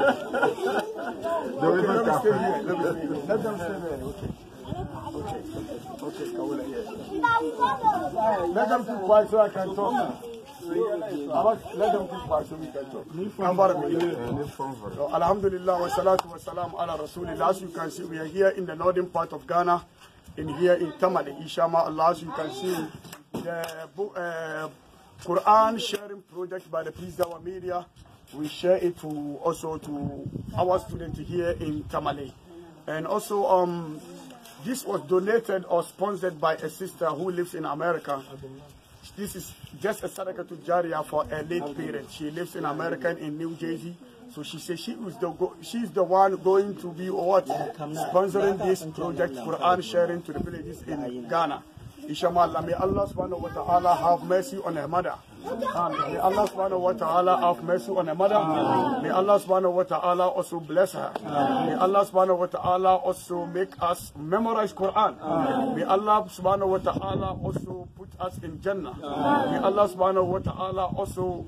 let Let Let them stay there. Okay. Okay. Let them keep quiet so I can talk let them keep quiet so we can talk. Alhamdulillah wa salatu wa salam ala Rasulillah. As you can see, we are here in the northern part of Ghana, in here in Tamale, Ishama Allah. As you can see, the uh, Quran sharing project by the Peace Media we share it to also to our students here in Tamale. And also, um, this was donated or sponsored by a sister who lives in America. This is just a sadaka to Jaria for a late parent. She lives in America in New Jersey. So she says she was the she's the one going to be what sponsoring this project for and sharing to the villages in Ghana. Ishamallah, may Allah subhanahu wa ta'ala have mercy on her mother. May Allah subhanahu wa ta'ala have mercy on her mother. May Allah subhanahu wa ta'ala also bless her. May Allah subhanahu wa ta'ala also make us memorize Quran. May Allah subhanahu wa ta'ala also put us in Jannah. May Allah subhanahu wa ta'ala also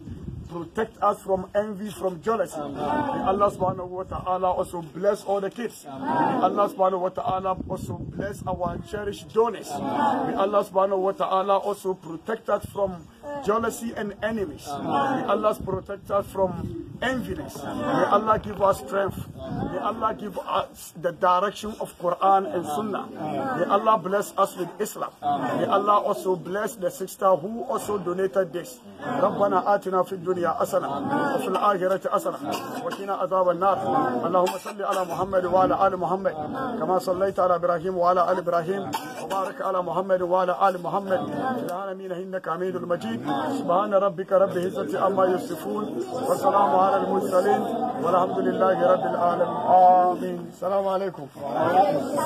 protect us from envy, from jealousy. Amen. May Allah subhanahu wa ta'ala also bless all the kids. Amen. Allah subhanahu wa ta'ala also bless our cherished donors. Amen. May Allah subhanahu wa ta'ala also protect us from jealousy, and enemies. May Allah protect us from enviness. May Allah give us strength. May Allah give us the direction of Quran and Sunnah. May Allah bless us with Islam. May Allah also bless the sister who also donated this. ربنا آتنا في الدنيا حسنة وفي الآخرة حسنة وقنا عذاب النار اللهم صل على محمد وعلى آل محمد كما صليت على إبراهيم وعلى آل إبراهيم وبارك على محمد وعلى آل محمد في العالمين إنك حميد سبحان ربك رب العزة عما يصفون وسلام على المرسلين والحمد لله رب العالمين آمين السلام عليكم